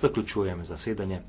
zaključujem zasedanje.